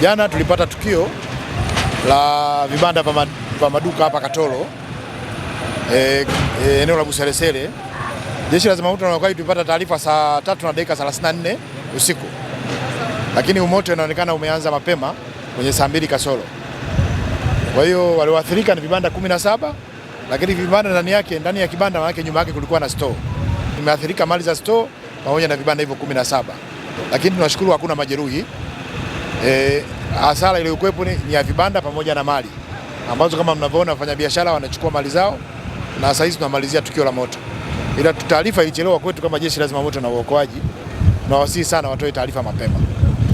Jana tulipata tukio la vibanda vya maduka hapa Katoro e, e, eneo la Buseresere. Jeshi la zimamoto na uokoaji tulipata taarifa saa tatu na dakika 34 usiku, lakini umoto unaonekana umeanza mapema kwenye saa mbili kasoro. Kwa hiyo walioathirika ni vibanda 17 lakini vibanda ndani yake, ndani ya kibanda manake nyuma yake kulikuwa na store, imeathirika mali za store pamoja na vibanda hivyo 17 lakini tunashukuru hakuna majeruhi. E, hasara iliyokuwepo ni ni ya vibanda pamoja na mali ambazo kama mnavyoona wafanyabiashara wanachukua mali zao, na sasa hizi tunamalizia tukio la moto, ila taarifa ilichelewa kwetu kama Jeshi la Zimamoto na Uokoaji, na wasihi sana watoe taarifa mapema,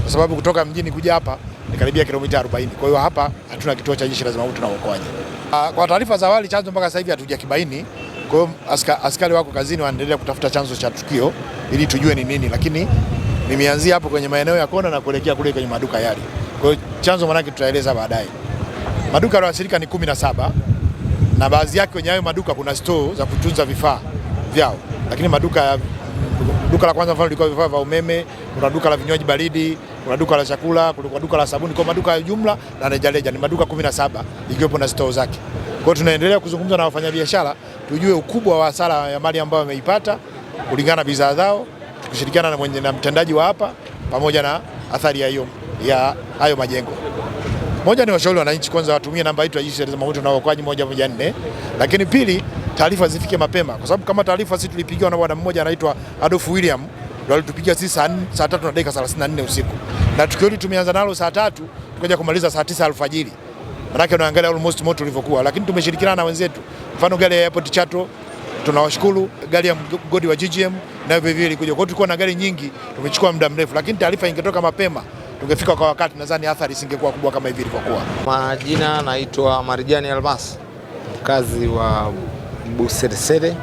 kwa sababu kutoka mjini kuja hapa ni karibia kilomita 40. Kwa hiyo hapa hatuna kituo cha Jeshi la Zimamoto na Uokoaji. Ah, kwa taarifa za awali, chanzo mpaka sasa hivi hatujakibaini. Kwa hiyo askari wako kazini, wanaendelea kutafuta chanzo cha tukio ili tujue ni nini, lakini nimeanzia hapo kwenye maeneo ya kona na kuelekea kule kwenye maduka yale. Kwa hiyo chanzo manake tutaeleza baadaye. Maduka yaliyoathirika ni kumi na saba na baadhi yake kwenye hayo maduka kuna store za kutunza vifaa vyao, lakini maduka ya duka la kwanza mfano lilikuwa vifaa vya umeme, kuna duka la vinywaji baridi, kuna duka la chakula, kuna duka la sabuni, kwa maduka ya jumla na rejareja ni maduka 17 ikiwepo na store zake. Kwa hiyo tunaendelea kuzungumza na wafanyabiashara tujue ukubwa wa hasara ya mali ambayo wameipata kulingana na bidhaa zao tukishirikiana na mwenye na mtendaji wa hapa pamoja na athari ya hiyo ya hayo majengo. Moja ni washauri wananchi kwanza watumie namba yetu ya jeshi la zimamoto na uokoaji moja moja nne, lakini pili taarifa zifike mapema, kwa sababu kama taarifa sisi tulipigiwa na bwana mmoja anaitwa Adolf William ndio alitupigia sisi saa 3 na dakika 34 usiku, na tukio hili tumeanza nalo saa tatu tukaja kumaliza saa 9 alfajiri. Maana yake unaangalia almost moto ulivyokuwa, lakini tumeshirikiana na wenzetu, mfano gari ya Airport Chato tunawashukuru gari ya mgodi wa GGM nayo vilevile ilikuja. Kwa hiyo tulikuwa na gari nyingi, tumechukua muda mrefu, lakini taarifa ingetoka mapema tungefika kwa wakati, nadhani athari isingekuwa kubwa kama hivi ilivyokuwa. Majina naitwa Marijani Almas, mkazi wa Buseresere,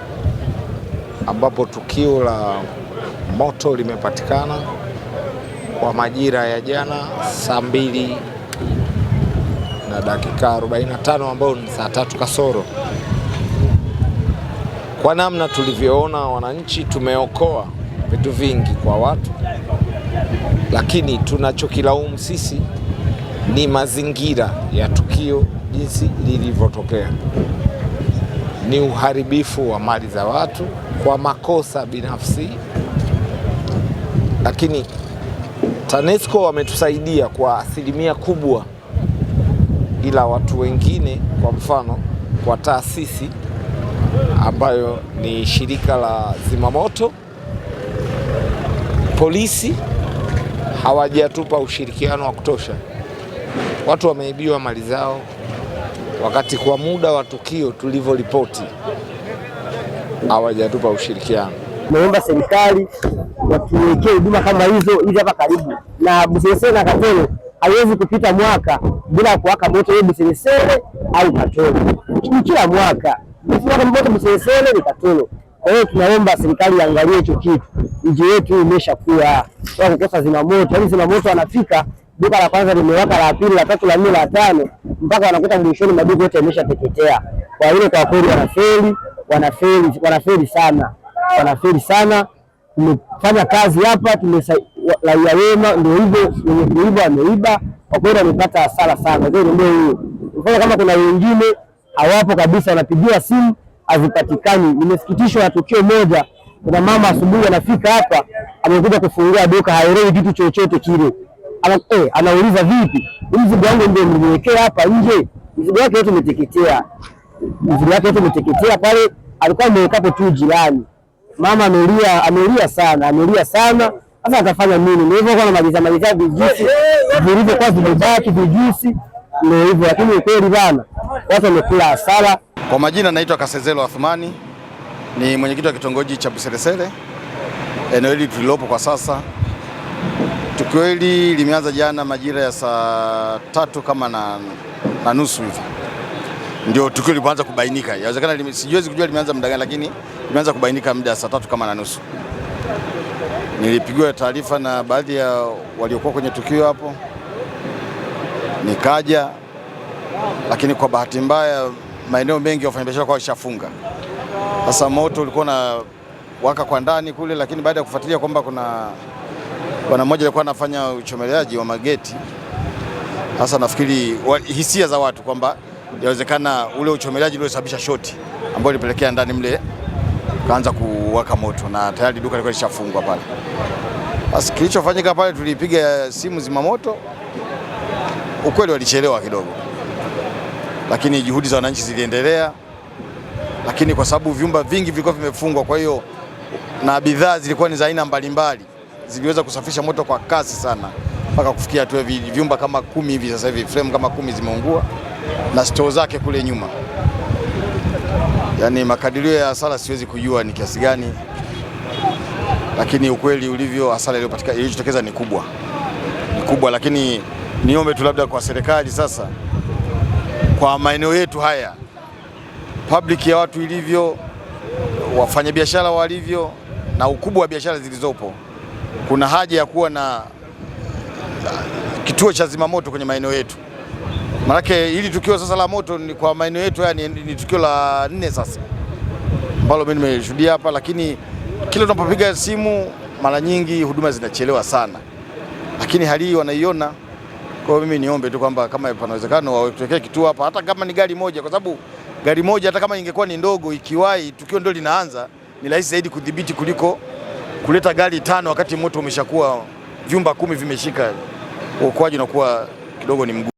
ambapo tukio la moto limepatikana kwa majira ya jana saa mbili na dakika 45 ambayo ni saa tatu kasoro kwa namna tulivyoona wananchi, tumeokoa vitu vingi kwa watu, lakini tunachokilaumu sisi ni mazingira ya tukio jinsi lilivyotokea, ni uharibifu wa mali za watu kwa makosa binafsi, lakini TANESCO wametusaidia kwa asilimia kubwa, ila watu wengine, kwa mfano, kwa taasisi ambayo ni shirika la zimamoto, polisi hawajatupa ushirikiano wa kutosha. Watu wameibiwa mali zao, wakati kwa muda wa tukio tulivyoripoti hawajatupa ushirikiano. Naomba serikali watuwekee huduma kama hizo ili hapa karibu na Buseresere na Katoro. Haiwezi kupita mwaka bila kuwaka moto Busesene au Katoro, ni kila mwaka msiakambote msesele ni katulo Kwa hiyo tunaomba serikali iangalie hicho kitu, mji wetu umeshakuwa kwa kukosa zimamoto, yaani zimamoto wanafika duka la kwanza limewaka, la pili, la tatu, la nne, la tano, mpaka wanakuta mwishoni maduka yote yameshateketea. Kwa hiyo kwa kweli wanafeli, wanafeli, wanafeli sana, wanafeli sana. Tumefanya kazi hapa, tumeraia wema, ndio hivyo, wenye kuiba ameiba, kwa kweli amepata hasara sana. hiyo ndio hiyo, kama kuna wengine hawapo kabisa, wanapigiwa simu hazipatikani. Nimesikitishwa na tukio moja. Kuna mama asubuhi anafika hapa, amekuja kufungua duka, haelewi kitu chochote kile. Ana, eh, anauliza vipi, mzigo wangu ndio niliwekea hapa nje, mzigo wake yote umeteketea, mzigo wake yote umeteketea pale alikuwa amewekapo tu jirani. Mama amelia, amelia sana, amelia sana. Sasa atafanya nini? Nilivyokuwa na majiza majiza vijusi vilivyokuwa vimebaki vijusi ndio hivyo, lakini kweli bana, watu wamekula hasara. Kwa majina naitwa Kasezelo Athumani, ni mwenyekiti wa kitongoji cha buseresere eneo hili tulilopo kwa sasa. Tukio hili limeanza jana majira ya saa tatu kama na, na nusu hivi ndio tukio lilipoanza kubainika. Inawezekana sijiwezi kujua limeanza muda gani, lakini limeanza kubainika muda saa tatu kama na nusu. Nilipigiwa taarifa na baadhi ya waliokuwa kwenye tukio hapo nikaja, lakini kwa bahati mbaya maeneo mengi wafanyabiashara kwa ishafunga. Sasa moto ulikuwa na waka kwa ndani kule, lakini baada ya kufuatilia kwamba kuna bwana mmoja alikuwa anafanya uchomeleaji wa mageti. Sasa nafikiri hisia za watu kwamba yawezekana ule uchomeleaji ulisababisha shoti ambayo ilipelekea ndani mle kaanza kuwaka moto na tayari duka lilikuwa lishafungwa pale. Basi kilichofanyika pale, tulipiga simu zimamoto, ukweli walichelewa kidogo, lakini juhudi za wananchi ziliendelea, lakini kwa sababu vyumba vingi vilikuwa vimefungwa, kwa hiyo na bidhaa zilikuwa ni za aina mbalimbali, ziliweza kusafisha moto kwa kasi sana mpaka kufikia hatua vyumba kama kumi hivi sasa hivi frame kama kumi zimeungua na stoo zake kule nyuma. Yaani makadirio ya hasara siwezi kujua ni kiasi gani, lakini ukweli ulivyo, hasara ilijitokeza ni kubwa, ni kubwa, lakini niombe tu labda kwa serikali sasa, kwa maeneo yetu haya public ya watu ilivyo, wafanyabiashara walivyo, na ukubwa wa biashara zilizopo, kuna haja ya kuwa na uh, kituo cha zimamoto kwenye maeneo yetu. Maanake hili tukio sasa la moto ni kwa maeneo yetu haya ni, ni tukio la nne sasa ambalo mimi nimeshuhudia hapa, lakini kila tunapopiga simu mara nyingi huduma zinachelewa sana, lakini hali hii wanaiona. Kwa hiyo mimi niombe tu kwamba kama panawezekano wawekee kituo hapa, hata kama ni gari moja, kwa sababu gari moja hata kama ingekuwa ni ndogo, ikiwahi tukio ndio linaanza, ni rahisi zaidi kudhibiti kuliko kuleta gari tano wakati moto umeshakuwa vyumba kumi vimeshika. Uokoaji unakuwa kidogo ni mgumu.